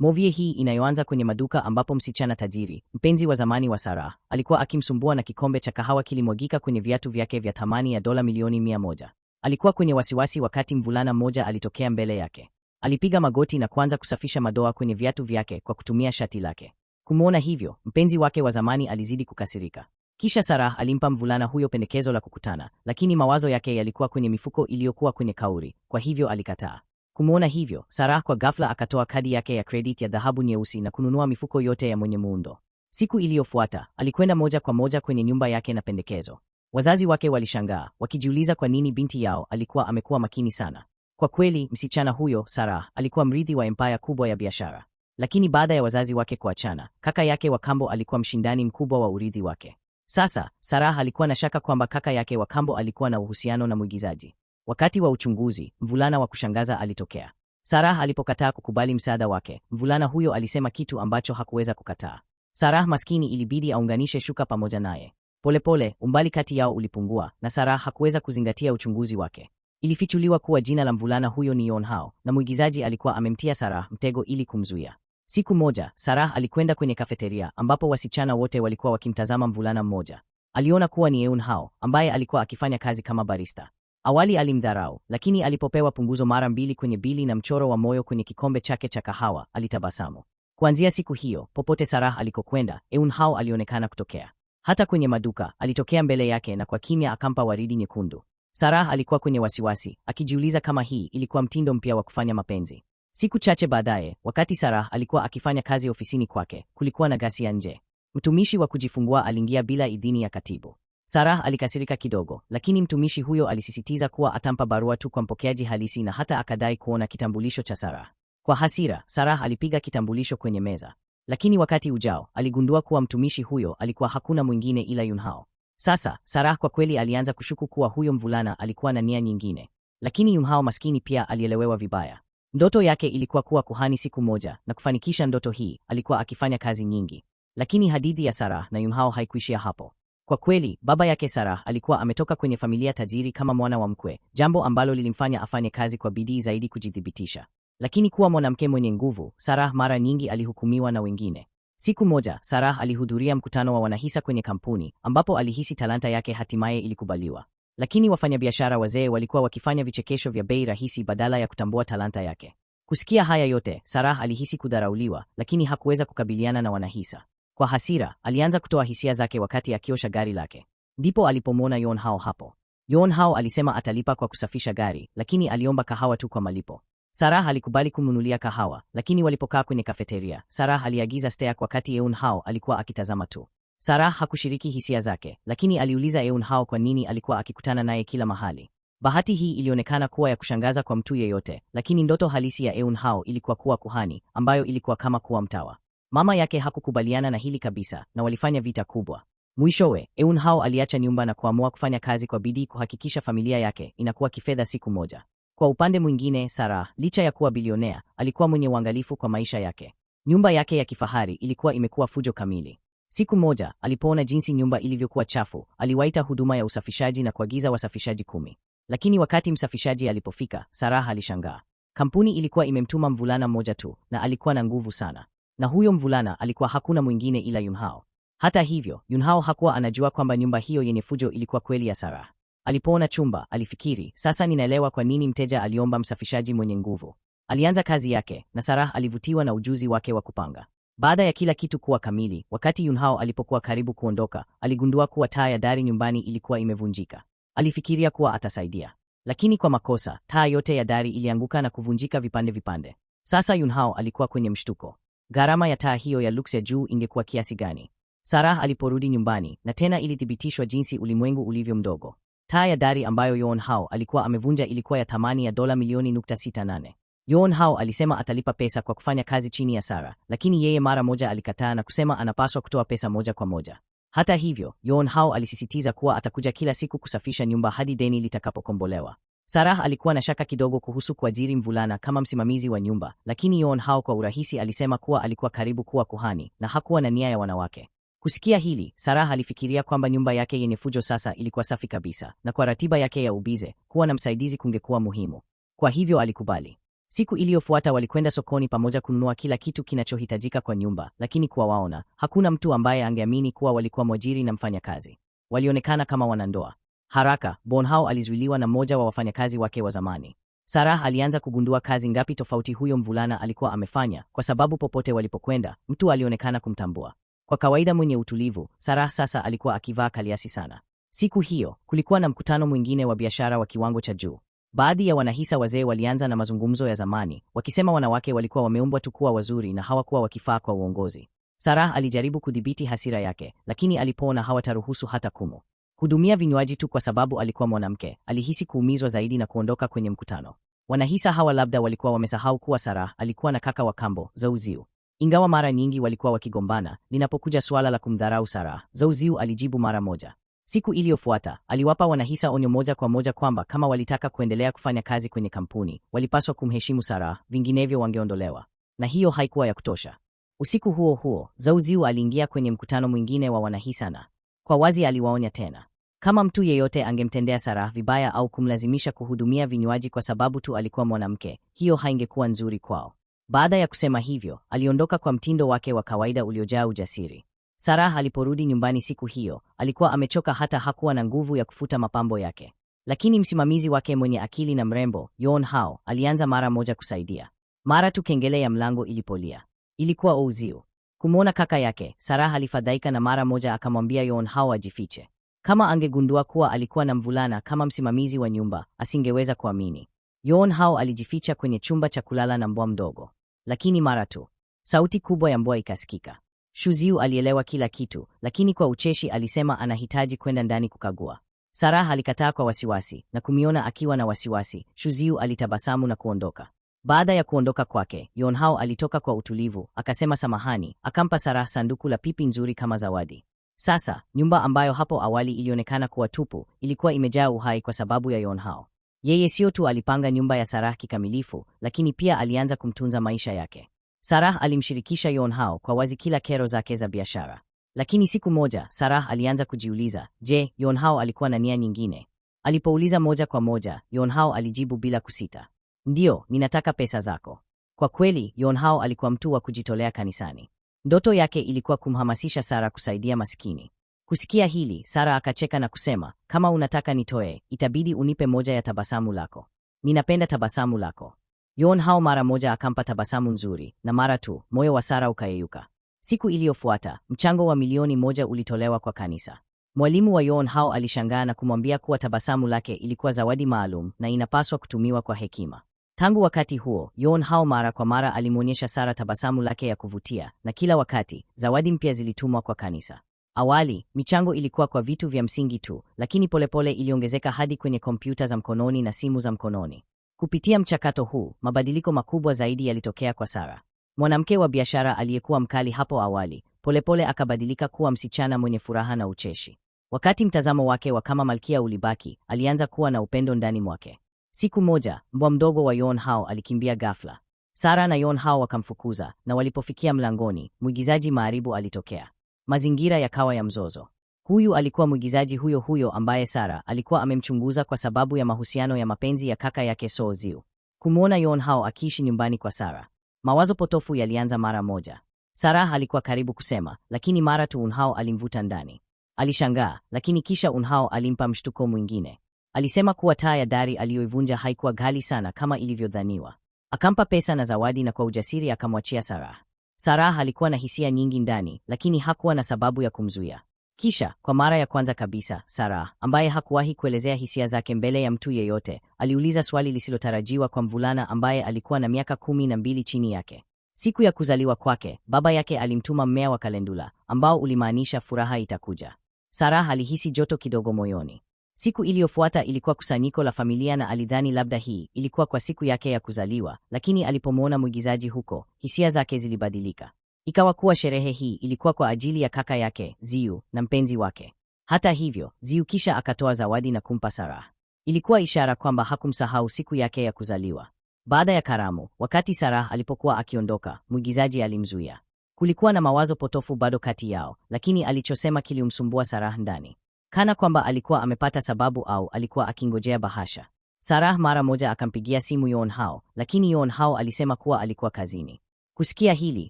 Movie hii inayoanza kwenye maduka ambapo msichana tajiri, mpenzi wa zamani wa Sarah, alikuwa akimsumbua na kikombe cha kahawa kilimwagika kwenye viatu vyake vya thamani ya dola milioni mia moja. Alikuwa kwenye wasiwasi wakati mvulana mmoja alitokea mbele yake. Alipiga magoti na kuanza kusafisha madoa kwenye viatu vyake kwa kutumia shati lake. Kumwona hivyo, mpenzi wake wa zamani alizidi kukasirika. Kisha Sarah alimpa mvulana huyo pendekezo la kukutana, lakini mawazo yake yalikuwa kwenye mifuko iliyokuwa kwenye kauri, kwa hivyo alikataa. Kumwona hivyo, Sarah kwa ghafla akatoa kadi yake ya kredit ya dhahabu nyeusi na kununua mifuko yote ya mwenye muundo. Siku iliyofuata alikwenda moja kwa moja kwenye nyumba yake na pendekezo. Wazazi wake walishangaa wakijiuliza kwa nini binti yao alikuwa amekuwa makini sana. Kwa kweli, msichana huyo Sarah alikuwa mrithi wa empaya kubwa ya biashara, lakini baada ya wazazi wake kuachana, kaka yake wa kambo alikuwa mshindani mkubwa wa urithi wake. Sasa Sarah alikuwa na shaka kwamba kaka yake wa kambo alikuwa na uhusiano na mwigizaji Wakati wa uchunguzi, mvulana wa kushangaza alitokea. Sarah alipokataa kukubali msaada wake, mvulana huyo alisema kitu ambacho hakuweza kukataa. Sarah maskini ilibidi aunganishe shuka pamoja naye. Polepole umbali kati yao ulipungua na Sarah hakuweza kuzingatia uchunguzi wake. Ilifichuliwa kuwa jina la mvulana huyo ni Yon Hao na mwigizaji alikuwa amemtia Sarah mtego ili kumzuia. Siku moja, Sarah alikwenda kwenye kafeteria ambapo wasichana wote walikuwa wakimtazama mvulana mmoja. Aliona kuwa ni Yon Hao ambaye alikuwa akifanya kazi kama barista. Awali alimdharau, lakini alipopewa punguzo mara mbili kwenye bili na mchoro wa moyo kwenye kikombe chake cha kahawa, alitabasamu. Kuanzia siku hiyo, popote Sarah alikokwenda, Eunhao alionekana kutokea. Hata kwenye maduka, alitokea mbele yake na kwa kimya akampa waridi nyekundu. Sarah alikuwa kwenye wasiwasi, akijiuliza kama hii ilikuwa mtindo mpya wa kufanya mapenzi. Siku chache baadaye, wakati Sarah alikuwa akifanya kazi ofisini kwake, kulikuwa na ghasia nje. Mtumishi wa kujifungua aliingia bila idhini ya katibu. Sarah alikasirika kidogo, lakini mtumishi huyo alisisitiza kuwa atampa barua tu kwa mpokeaji halisi na hata akadai kuona kitambulisho cha Sarah. Kwa hasira, Sarah alipiga kitambulisho kwenye meza, lakini wakati ujao aligundua kuwa mtumishi huyo alikuwa hakuna mwingine ila Yunhao. Sasa Sarah kwa kweli alianza kushuku kuwa huyo mvulana alikuwa na nia nyingine, lakini Yunhao maskini pia alielewewa vibaya. Ndoto yake ilikuwa kuwa kuhani siku moja, na kufanikisha ndoto hii alikuwa akifanya kazi nyingi, lakini hadithi ya Sarah na Yunhao haikuishia hapo. Kwa kweli, baba yake Sarah alikuwa ametoka kwenye familia tajiri kama mwana wa mkwe, jambo ambalo lilimfanya afanye kazi kwa bidii zaidi kujithibitisha. Lakini kuwa mwanamke mwenye nguvu, Sarah mara nyingi alihukumiwa na wengine. Siku moja, Sarah alihudhuria mkutano wa wanahisa kwenye kampuni ambapo alihisi talanta yake hatimaye ilikubaliwa. Lakini wafanyabiashara wazee walikuwa wakifanya vichekesho vya bei rahisi badala ya kutambua talanta yake. Kusikia haya yote, Sarah alihisi kudharauliwa, lakini hakuweza kukabiliana na wanahisa. Kwa hasira, alianza kutoa hisia zake wakati akiosha gari lake. Ndipo alipomwona Yon Hao hapo. Yon Hao alisema atalipa kwa kusafisha gari, lakini aliomba kahawa tu kwa malipo. Sarah alikubali kumnunulia kahawa, lakini walipokaa kwenye kafeteria, Sarah aliagiza steak wakati Eun Hao alikuwa akitazama tu. Sarah hakushiriki hisia zake, lakini aliuliza Eun Hao kwa nini alikuwa akikutana naye kila mahali. Bahati hii ilionekana kuwa ya kushangaza kwa mtu yeyote, lakini ndoto halisi ya Eun Hao ilikuwa kuwa kuhani, ambayo ilikuwa kama kuwa mtawa. Mama yake hakukubaliana na hili kabisa na walifanya vita kubwa. Mwishowe, Eun Hao aliacha nyumba na kuamua kufanya kazi kwa bidii kuhakikisha familia yake inakuwa kifedha siku moja. Kwa upande mwingine, Sarah, licha ya kuwa bilionea, alikuwa mwenye uangalifu kwa maisha yake. Nyumba yake ya kifahari ilikuwa imekuwa fujo kamili. Siku moja alipoona jinsi nyumba ilivyokuwa chafu, aliwaita huduma ya usafishaji na kuagiza wasafishaji kumi. Lakini wakati msafishaji alipofika, Sarah alishangaa. Kampuni ilikuwa imemtuma mvulana mmoja tu na alikuwa na nguvu sana na huyo mvulana alikuwa hakuna mwingine ila Yunhao. Hata hivyo, Yunhao hakuwa anajua kwamba nyumba hiyo yenye fujo ilikuwa kweli ya Sara. Alipoona chumba, alifikiri, sasa ninaelewa kwa nini mteja aliomba msafishaji mwenye nguvu. Alianza kazi yake na Sarah alivutiwa na ujuzi wake wa kupanga. Baada ya kila kitu kuwa kamili, wakati Yunhao alipokuwa karibu kuondoka, aligundua kuwa taa ya dari nyumbani ilikuwa imevunjika. Alifikiria kuwa atasaidia, lakini kwa makosa taa yote ya dari ilianguka na kuvunjika vipande vipande. Sasa Yunhao alikuwa kwenye mshtuko. Gharama ya taa hiyo ya lux ya juu ingekuwa kiasi gani? Sarah aliporudi nyumbani, na tena ilithibitishwa jinsi ulimwengu ulivyo mdogo. Taa ya dari ambayo Yon Hao alikuwa amevunja ilikuwa ya thamani ya dola milioni nukta sita nane. Yon Hao alisema atalipa pesa kwa kufanya kazi chini ya Sarah, lakini yeye mara moja alikataa na kusema anapaswa kutoa pesa moja kwa moja. Hata hivyo, Yon Hao alisisitiza kuwa atakuja kila siku kusafisha nyumba hadi deni litakapokombolewa. Sarah alikuwa na shaka kidogo kuhusu kuajiri mvulana kama msimamizi wa nyumba, lakini Yon Hao kwa urahisi alisema kuwa alikuwa karibu kuwa kuhani na hakuwa na nia ya wanawake. Kusikia hili, Sarah alifikiria kwamba nyumba yake yenye fujo sasa ilikuwa safi kabisa, na kwa ratiba yake ya ubize, kuwa na msaidizi kungekuwa muhimu. Kwa hivyo alikubali. Siku iliyofuata walikwenda sokoni pamoja kununua kila kitu kinachohitajika kwa nyumba, lakini kwa waona, hakuna mtu ambaye angeamini kuwa walikuwa mwajiri na mfanyakazi. Walionekana kama wanandoa. Haraka Bonhau alizuiliwa na mmoja wa wafanyakazi wake wa zamani. Sarah alianza kugundua kazi ngapi tofauti huyo mvulana alikuwa amefanya, kwa sababu popote walipokwenda mtu alionekana kumtambua. Kwa kawaida mwenye utulivu, Sarah sasa alikuwa akivaa kaliasi sana. Siku hiyo kulikuwa na mkutano mwingine wa biashara wa kiwango cha juu. Baadhi ya wanahisa wazee walianza na mazungumzo ya zamani, wakisema wanawake walikuwa wameumbwa tu kuwa wazuri na hawakuwa wakifaa kwa uongozi. Sarah alijaribu kudhibiti hasira yake, lakini alipoona hawataruhusu hata kumu Hudumia vinywaji tu kwa sababu alikuwa mwanamke, alihisi kuumizwa zaidi na kuondoka kwenye mkutano. Wanahisa hawa labda walikuwa wamesahau kuwa Sarah alikuwa na kaka wa kambo Zauziu. Ingawa mara nyingi walikuwa wakigombana, linapokuja suala la kumdharau Sarah, Zauziu alijibu mara moja. Siku iliyofuata aliwapa wanahisa onyo moja kwa moja kwamba kama walitaka kuendelea kufanya kazi kwenye kampuni walipaswa kumheshimu Sarah, vinginevyo wangeondolewa, na hiyo haikuwa ya kutosha. Usiku huo huo Zauziu aliingia kwenye mkutano mwingine wa wanahisa na kwa wazi aliwaonya tena, kama mtu yeyote angemtendea Sarah vibaya au kumlazimisha kuhudumia vinywaji kwa sababu tu alikuwa mwanamke, hiyo haingekuwa nzuri kwao. Baada ya kusema hivyo, aliondoka kwa mtindo wake wa kawaida uliojaa ujasiri. Sarah aliporudi nyumbani siku hiyo, alikuwa amechoka hata hakuwa na nguvu ya kufuta mapambo yake. Lakini msimamizi wake mwenye akili na mrembo, Yon Hao, alianza mara moja kusaidia. Mara tu kengele ya mlango ilipolia, ilikuwa Ouzio. Kumwona kaka yake, Sarah alifadhaika na mara moja akamwambia Yon Hao ajifiche. Kama angegundua kuwa alikuwa na mvulana kama msimamizi wa nyumba, asingeweza kuamini. Yon Hao alijificha kwenye chumba cha kulala na mbwa mdogo, lakini mara tu sauti kubwa ya mbwa ikasikika. Shuziu alielewa kila kitu, lakini kwa ucheshi alisema anahitaji kwenda ndani kukagua. Sarah alikataa kwa wasiwasi, na kumiona akiwa na wasiwasi, Shuziu alitabasamu na kuondoka. Baada ya kuondoka kwake, Yonhao alitoka kwa utulivu, akasema samahani, akampa Sarah sanduku la pipi nzuri kama zawadi. Sasa, nyumba ambayo hapo awali ilionekana kuwa tupu, ilikuwa imejaa uhai kwa sababu ya Yonhao. Yeye sio tu alipanga nyumba ya Sarah kikamilifu, lakini pia alianza kumtunza maisha yake. Sarah alimshirikisha Yonhao kwa wazi kila kero zake za biashara. Lakini siku moja, Sarah alianza kujiuliza, je, Yonhao alikuwa na nia nyingine? Alipouliza moja kwa moja, Yonhao alijibu bila kusita. Ndiyo, ninataka pesa zako. Kwa kweli, Yonhao alikuwa mtu wa kujitolea kanisani. Ndoto yake ilikuwa kumhamasisha Sara kusaidia maskini. Kusikia hili, Sara akacheka na kusema, kama unataka nitoe, itabidi unipe moja ya tabasamu lako. Ninapenda tabasamu lako. Yonhao mara moja akampa tabasamu nzuri, na mara tu moyo wa Sara ukayeyuka. Siku iliyofuata mchango wa milioni moja ulitolewa kwa kanisa. Mwalimu wa Yonhao alishangaa na kumwambia kuwa tabasamu lake ilikuwa zawadi maalum na inapaswa kutumiwa kwa hekima. Tangu wakati huo, Yon Hao mara kwa mara alimwonyesha Sara tabasamu lake ya kuvutia, na kila wakati zawadi mpya zilitumwa kwa kanisa. Awali michango ilikuwa kwa vitu vya msingi tu, lakini polepole iliongezeka hadi kwenye kompyuta za mkononi na simu za mkononi. Kupitia mchakato huu, mabadiliko makubwa zaidi yalitokea kwa Sara. Mwanamke wa biashara aliyekuwa mkali hapo awali, polepole akabadilika kuwa msichana mwenye furaha na ucheshi. Wakati mtazamo wake wa kama malkia ulibaki, alianza kuwa na upendo ndani mwake. Siku moja mbwa mdogo wa Yon Hao alikimbia ghafla. Sara na Yon Hao wakamfukuza, na walipofikia mlangoni, mwigizaji maaribu alitokea. Mazingira yakawa ya mzozo. Huyu alikuwa mwigizaji huyo huyo ambaye Sara alikuwa amemchunguza kwa sababu ya mahusiano ya mapenzi ya kaka yake So Ziu. Kumwona Yon Hao akiishi nyumbani kwa Sara, mawazo potofu yalianza mara moja. Sara alikuwa karibu kusema, lakini mara tu Unhao alimvuta ndani. Alishangaa, lakini kisha Unhao alimpa mshtuko mwingine. Alisema kuwa taa ya dari aliyoivunja haikuwa ghali sana kama ilivyodhaniwa. Akampa pesa na zawadi na kwa ujasiri akamwachia Sarah. Sarah alikuwa na hisia nyingi ndani, lakini hakuwa na sababu ya kumzuia. Kisha kwa mara ya kwanza kabisa, Sarah ambaye hakuwahi kuelezea hisia zake mbele ya mtu yeyote, aliuliza swali lisilotarajiwa kwa mvulana ambaye alikuwa na miaka kumi na mbili chini yake. Siku ya kuzaliwa kwake, baba yake alimtuma mmea wa kalendula ambao ulimaanisha furaha itakuja. Sarah alihisi joto kidogo moyoni. Siku iliyofuata ilikuwa kusanyiko la familia na alidhani labda hii ilikuwa kwa siku yake ya kuzaliwa, lakini alipomwona mwigizaji huko, hisia zake zilibadilika. Ikawa kuwa sherehe hii ilikuwa kwa ajili ya kaka yake ziu na mpenzi wake. Hata hivyo, ziu kisha akatoa zawadi na kumpa Sarah. Ilikuwa ishara kwamba hakumsahau siku yake ya kuzaliwa. Baada ya karamu, wakati Sarah alipokuwa akiondoka, mwigizaji alimzuia. Kulikuwa na mawazo potofu bado kati yao, lakini alichosema kilimsumbua Sarah ndani kana kwamba alikuwa amepata sababu au alikuwa akingojea bahasha. Sarah mara moja akampigia simu Yon Hao, lakini Yon Hao alisema kuwa alikuwa kazini. Kusikia hili,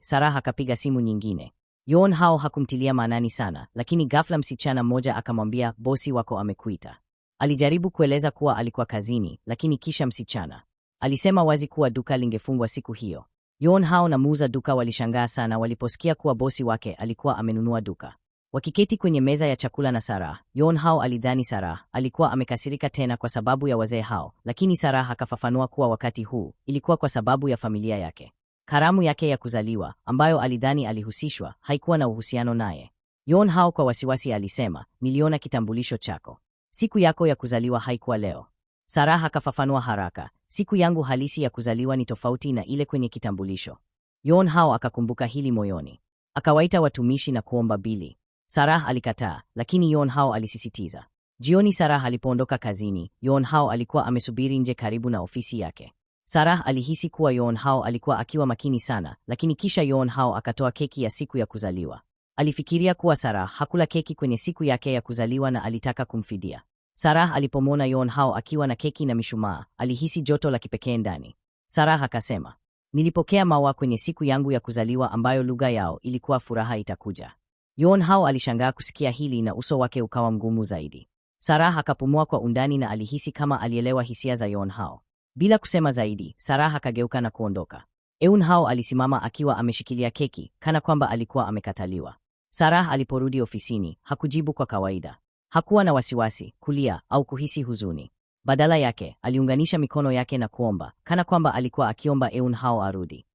Sarah akapiga simu nyingine. Yon Hao hakumtilia maanani sana, lakini ghafla msichana mmoja akamwambia, bosi wako amekuita. Alijaribu kueleza kuwa alikuwa kazini, lakini kisha msichana alisema wazi kuwa duka lingefungwa siku hiyo. Yon Hao na muuza duka walishangaa sana waliposikia kuwa bosi wake alikuwa amenunua duka. Wakiketi kwenye meza ya chakula na Sarah, Yon Hao alidhani Sarah alikuwa amekasirika tena kwa sababu ya wazee hao, lakini Sarah akafafanua kuwa wakati huu ilikuwa kwa sababu ya familia yake. Karamu yake ya kuzaliwa ambayo alidhani alihusishwa haikuwa na uhusiano naye. Yon Hao kwa wasiwasi alisema, niliona kitambulisho chako, siku yako ya kuzaliwa haikuwa leo. Sarah akafafanua haraka, siku yangu halisi ya kuzaliwa ni tofauti na ile kwenye kitambulisho. Yon Hao akakumbuka hili moyoni, akawaita watumishi na kuomba bili. Sarah alikataa, lakini Yon Hao alisisitiza. Jioni Sarah alipoondoka kazini, Yon Hao alikuwa amesubiri nje karibu na ofisi yake. Sarah alihisi kuwa Yon Hao alikuwa akiwa makini sana, lakini kisha Yon Hao akatoa keki ya siku ya kuzaliwa. Alifikiria kuwa Sarah hakula keki kwenye siku yake ya kuzaliwa na alitaka kumfidia. Sarah alipomwona Yon Hao akiwa na keki na mishumaa, alihisi joto la kipekee ndani. Sarah akasema, nilipokea maua kwenye siku yangu ya kuzaliwa ambayo lugha yao ilikuwa furaha itakuja. Yoon Hao alishangaa kusikia hili na uso wake ukawa mgumu zaidi. Sarah akapumua kwa undani na alihisi kama alielewa hisia za Yoon Hao. Bila kusema zaidi, Sarah akageuka na kuondoka. Eun Hao alisimama akiwa ameshikilia keki kana kwamba alikuwa amekataliwa. Sarah aliporudi ofisini, hakujibu kwa kawaida. Hakuwa na wasiwasi, kulia au kuhisi huzuni. Badala yake, aliunganisha mikono yake na kuomba, kana kwamba alikuwa akiomba Eun Hao arudi.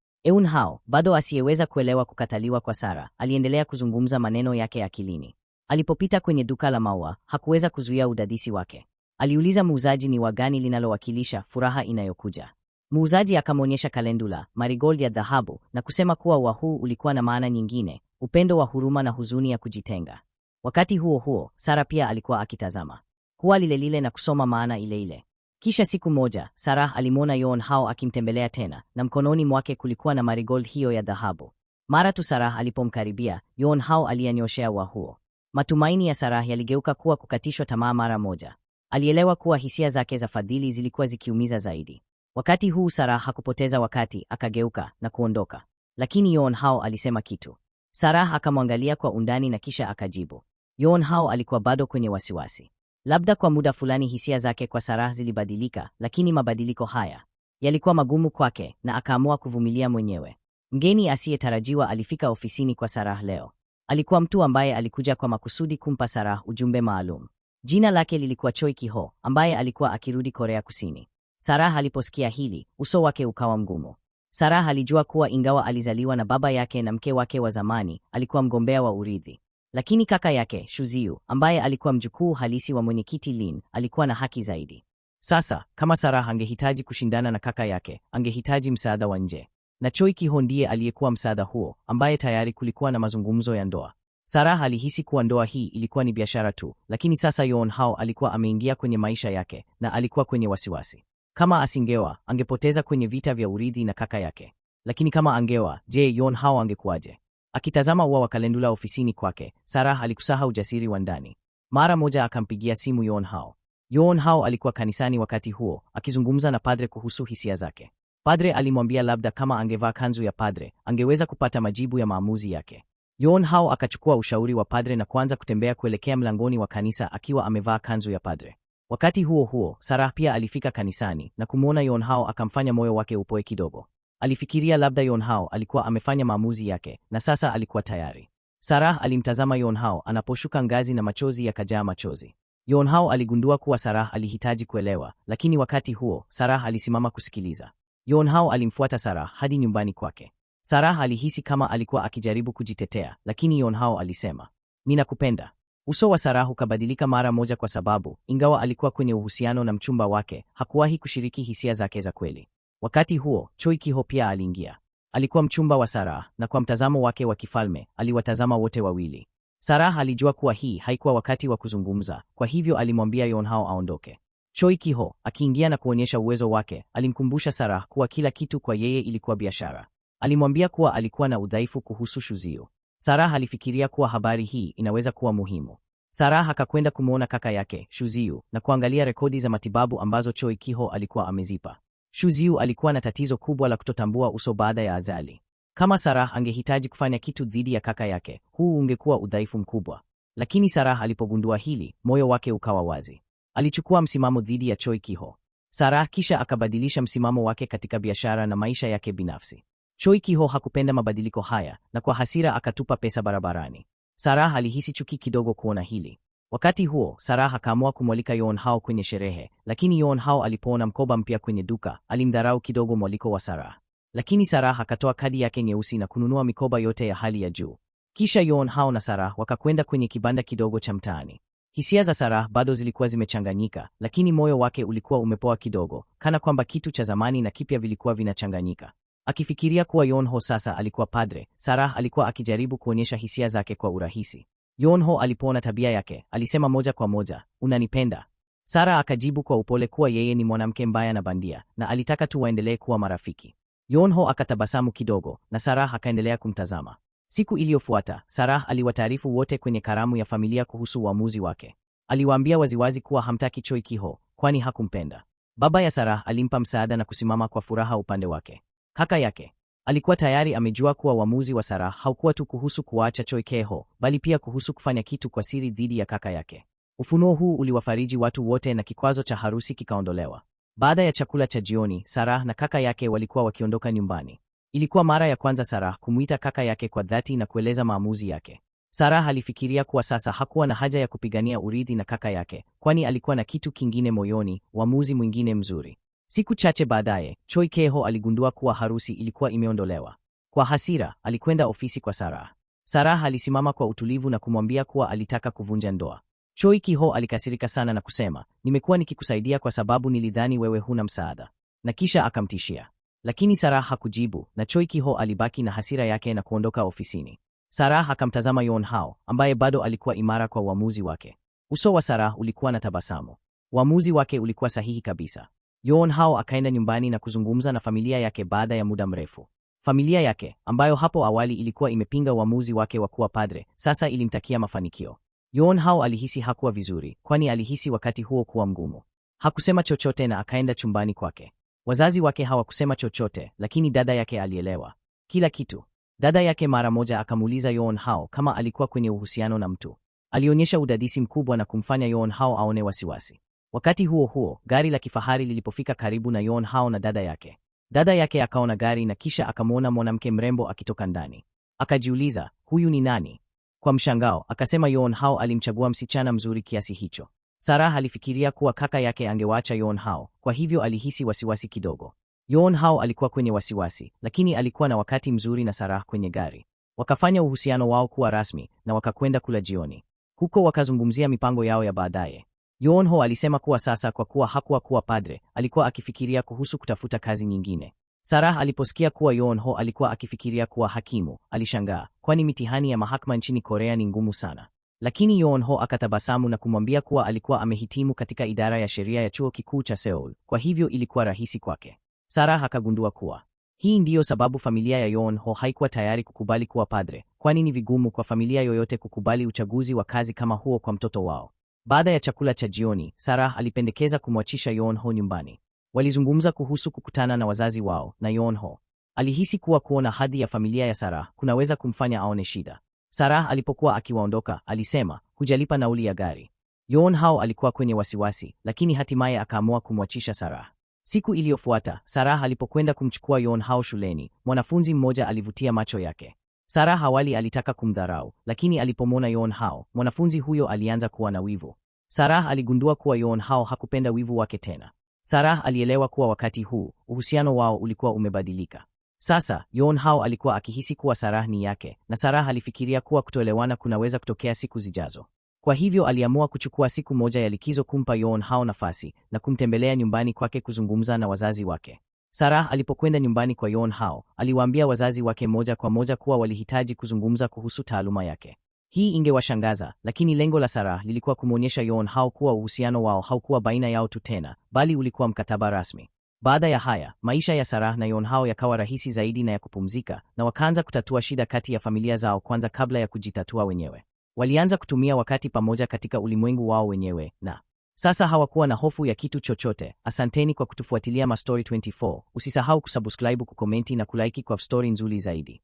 Hao, bado asiyeweza kuelewa kukataliwa kwa Sara, aliendelea kuzungumza maneno yake akilini. Alipopita kwenye duka la maua, hakuweza kuzuia udadisi wake. Aliuliza muuzaji ni wagani linalowakilisha furaha inayokuja. Muuzaji akamwonyesha kalendula, marigold ya dhahabu na kusema kuwa ua huu ulikuwa na maana nyingine, upendo wa huruma na huzuni ya kujitenga. Wakati huo huo, Sara pia alikuwa akitazama huwa lile lile na kusoma maana ile ile. Kisha siku moja Sarah alimwona Yon Hao akimtembelea tena, na mkononi mwake kulikuwa na marigold hiyo ya dhahabu. Mara tu Sarah alipomkaribia, Yon Hao aliyanyoshea huo Matumaini ya Sarah yaligeuka kuwa kukatishwa tamaa mara moja. Alielewa kuwa hisia zake za fadhili zilikuwa zikiumiza zaidi. Wakati huu Sarah hakupoteza wakati, akageuka na kuondoka, lakini Yon Hao alisema kitu. Sarah akamwangalia kwa undani na kisha akajibu. Yon Hao alikuwa bado kwenye wasiwasi. Labda kwa muda fulani hisia zake kwa Sarah zilibadilika, lakini mabadiliko haya yalikuwa magumu kwake na akaamua kuvumilia mwenyewe. Mgeni asiyetarajiwa alifika ofisini kwa Sarah leo. Alikuwa mtu ambaye alikuja kwa makusudi kumpa Sarah ujumbe maalum. Jina lake lilikuwa Choi Kiho, ambaye alikuwa akirudi Korea Kusini. Sarah aliposikia hili, uso wake ukawa mgumu. Sarah alijua kuwa ingawa alizaliwa na baba yake na mke wake wa zamani, alikuwa mgombea wa urithi. Lakini kaka yake Shuziu, ambaye alikuwa mjukuu halisi wa mwenyekiti Lin, alikuwa na haki zaidi. Sasa kama Sarah angehitaji kushindana na kaka yake, angehitaji msaada wa nje, na Choi Kiho ndiye aliyekuwa msaada huo, ambaye tayari kulikuwa na mazungumzo ya ndoa. Sarah alihisi kuwa ndoa hii ilikuwa ni biashara tu, lakini sasa Yoon Hao alikuwa ameingia kwenye maisha yake na alikuwa kwenye wasiwasi. Kama asingeoa, angepoteza kwenye vita vya urithi na kaka yake, lakini kama angeoa, je, Yoon Hao angekuwaje? Akitazama ua wa kalendula ofisini kwake, Sarah alikusaha ujasiri wa ndani. Mara moja akampigia simu Yon Hao. Yon Hao alikuwa kanisani wakati huo akizungumza na padre kuhusu hisia zake. Padre alimwambia labda kama angevaa kanzu ya padre angeweza kupata majibu ya maamuzi yake. Yon Hao akachukua ushauri wa padre na kuanza kutembea kuelekea mlangoni wa kanisa akiwa amevaa kanzu ya padre. Wakati huo huo, Sarah pia alifika kanisani na kumwona Yon Hao akamfanya moyo wake upoe kidogo. Alifikiria labda Yonhao alikuwa amefanya maamuzi yake na sasa alikuwa tayari. Sarah alimtazama Yonhao anaposhuka ngazi na machozi yakajaa machozi. Yonhao aligundua kuwa Sarah alihitaji kuelewa, lakini wakati huo Sarah alisimama kusikiliza. Yonhao alimfuata Sarah hadi nyumbani kwake. Sarah alihisi kama alikuwa akijaribu kujitetea, lakini Yonhao alisema, ninakupenda. Uso wa Sarah ukabadilika mara moja, kwa sababu ingawa alikuwa kwenye uhusiano na mchumba wake, hakuwahi kushiriki hisia zake za kweli. Wakati huo Choi kiho pia aliingia. Alikuwa mchumba wa Sarah na kwa mtazamo wake wa kifalme aliwatazama wote wawili. Sarah alijua kuwa hii haikuwa wakati wa kuzungumza, kwa hivyo alimwambia Yonhao aondoke. Choi kiho akiingia na kuonyesha uwezo wake, alimkumbusha Sarah kuwa kila kitu kwa yeye ilikuwa biashara. Alimwambia kuwa alikuwa na udhaifu kuhusu Shuzio. Sarah alifikiria kuwa habari hii inaweza kuwa muhimu. Sarah akakwenda kumwona kaka yake Shuziu na kuangalia rekodi za matibabu ambazo Choi kiho alikuwa amezipa shuziu alikuwa na tatizo kubwa la kutotambua uso baada ya ajali. Kama Sarah angehitaji kufanya kitu dhidi ya kaka yake, huu ungekuwa udhaifu mkubwa. Lakini Sarah alipogundua hili, moyo wake ukawa wazi. Alichukua msimamo dhidi ya Choi Kiho. Sarah kisha akabadilisha msimamo wake katika biashara na maisha yake binafsi. Choi Kiho hakupenda mabadiliko haya na kwa hasira akatupa pesa barabarani. Sarah alihisi chuki kidogo kuona hili. Wakati huo Sarah akaamua kumwalika Yon Hao kwenye sherehe, lakini Yon Hao alipoona mkoba mpya kwenye duka alimdharau kidogo mwaliko wa Sarah, lakini Sarah akatoa kadi yake nyeusi na kununua mikoba yote ya hali ya juu. Kisha Yon Hao na Sarah wakakwenda kwenye kibanda kidogo cha mtaani. Hisia za Sarah bado zilikuwa zimechanganyika, lakini moyo wake ulikuwa umepoa kidogo, kana kwamba kitu cha zamani na kipya vilikuwa vinachanganyika. Akifikiria kuwa Yon Ho sasa alikuwa padre, Sarah alikuwa akijaribu kuonyesha hisia zake kwa urahisi. Yonho alipoona tabia yake, alisema moja kwa moja, unanipenda? Sara akajibu kwa upole kuwa yeye ni mwanamke mbaya na bandia, na alitaka tu waendelee kuwa marafiki. Yonho akatabasamu kidogo, na Sarah akaendelea kumtazama. Siku iliyofuata, Sarah aliwataarifu wote kwenye karamu ya familia kuhusu uamuzi wake. Aliwaambia waziwazi kuwa hamtaki Choi Kiho, kwani hakumpenda. Baba ya Sarah alimpa msaada na kusimama kwa furaha upande wake. Kaka yake Alikuwa tayari amejua kuwa uamuzi wa Sara haukuwa tu kuhusu kuacha Choi Keho, bali pia kuhusu kufanya kitu kwa siri dhidi ya kaka yake. Ufunuo huu uliwafariji watu wote na kikwazo cha harusi kikaondolewa. Baada ya chakula cha jioni, Sara na kaka yake walikuwa wakiondoka nyumbani. Ilikuwa mara ya kwanza Sara kumwita kaka yake kwa dhati na kueleza maamuzi yake. Sara alifikiria kuwa sasa hakuwa na haja ya kupigania urithi na kaka yake, kwani alikuwa na kitu kingine moyoni, uamuzi mwingine mzuri. Siku chache baadaye, Choi Keho aligundua kuwa harusi ilikuwa imeondolewa. Kwa hasira, alikwenda ofisi kwa Sarah. Sarah alisimama kwa utulivu na kumwambia kuwa alitaka kuvunja ndoa. Choi Keho alikasirika sana na kusema, nimekuwa nikikusaidia kwa sababu nilidhani wewe huna msaada, na kisha akamtishia. Lakini Sarah hakujibu na Choi Keho alibaki na hasira yake na kuondoka ofisini. Sarah akamtazama Yoon Hao ambaye bado alikuwa imara kwa uamuzi wake. Uso wa Sarah ulikuwa na tabasamu. Uamuzi wake ulikuwa sahihi kabisa. Yoon Hao akaenda nyumbani na kuzungumza na familia yake baada ya muda mrefu. Familia yake ambayo hapo awali ilikuwa imepinga uamuzi wake wa kuwa padre, sasa ilimtakia mafanikio. Yoon Hao alihisi hakuwa vizuri, kwani alihisi wakati huo kuwa mgumu. Hakusema chochote na akaenda chumbani kwake. Wazazi wake hawakusema chochote, lakini dada yake alielewa kila kitu. Dada yake mara moja akamuuliza Yoon Hao kama alikuwa kwenye uhusiano na mtu. Alionyesha udadisi mkubwa na kumfanya Yoon Hao aone wasiwasi. Wakati huo huo, gari la kifahari lilipofika karibu na Yon Hao na dada yake, dada yake akaona gari na kisha akamwona mwanamke mrembo akitoka ndani. Akajiuliza, huyu ni nani? Kwa mshangao akasema Yon Hao alimchagua msichana mzuri kiasi hicho. Sarah alifikiria kuwa kaka yake angewaacha Yon Hao, kwa hivyo alihisi wasiwasi kidogo. Yon Hao alikuwa kwenye wasiwasi, lakini alikuwa na wakati mzuri na Sarah kwenye gari. Wakafanya uhusiano wao kuwa rasmi na wakakwenda kula jioni. Huko wakazungumzia mipango yao ya baadaye. Yoonho alisema kuwa sasa kwa kuwa hakuwa kuwa padre, alikuwa akifikiria kuhusu kutafuta kazi nyingine. Sarah aliposikia kuwa Yoonho alikuwa akifikiria kuwa hakimu, alishangaa, kwani mitihani ya mahakama nchini Korea ni ngumu sana. Lakini Yoonho akatabasamu na kumwambia kuwa alikuwa amehitimu katika idara ya sheria ya chuo kikuu cha Seoul, kwa hivyo ilikuwa rahisi kwake. Sarah akagundua kuwa hii ndiyo sababu familia ya Yoonho haikuwa tayari kukubali kuwa padre, kwani ni vigumu kwa familia yoyote kukubali uchaguzi wa kazi kama huo kwa mtoto wao. Baada ya chakula cha jioni, Sarah alipendekeza kumwachisha Yonho nyumbani. Walizungumza kuhusu kukutana na wazazi wao na Yonho alihisi kuwa kuona hadhi ya familia ya Sarah kunaweza kumfanya aone shida. Sarah alipokuwa akiwaondoka, alisema, hujalipa nauli ya gari. Yonho alikuwa kwenye wasiwasi, lakini hatimaye akaamua kumwachisha Sarah. Siku iliyofuata, Sarah alipokwenda kumchukua Yonho shuleni, mwanafunzi mmoja alivutia macho yake. Sarah awali alitaka kumdharau, lakini alipomwona Yon Hao, mwanafunzi huyo alianza kuwa na wivu. Sarah aligundua kuwa Yon Hao hakupenda wivu wake tena. Sarah alielewa kuwa wakati huu uhusiano wao ulikuwa umebadilika. Sasa Yon Hao alikuwa akihisi kuwa Sarah ni yake, na Sarah alifikiria kuwa kutoelewana kunaweza kutokea siku zijazo. Kwa hivyo aliamua kuchukua siku moja ya likizo kumpa Yon Hao nafasi na kumtembelea nyumbani kwake kuzungumza na wazazi wake. Sarah alipokwenda nyumbani kwa Yon Hao, aliwaambia wazazi wake moja kwa moja kuwa walihitaji kuzungumza kuhusu taaluma yake. Hii ingewashangaza, lakini lengo la Sarah lilikuwa kumwonyesha Yon Hao kuwa uhusiano wao haukuwa baina yao tu tena, bali ulikuwa mkataba rasmi. Baada ya haya, maisha ya Sarah na Yon Hao yakawa rahisi zaidi na ya kupumzika, na wakaanza kutatua shida kati ya familia zao kwanza kabla ya kujitatua wenyewe. Walianza kutumia wakati pamoja katika ulimwengu wao wenyewe na sasa hawakuwa na hofu ya kitu chochote. Asanteni kwa kutufuatilia Mastori 24. Usisahau kusubscribe, kukomenti na kulaiki kwa stori nzuri zaidi.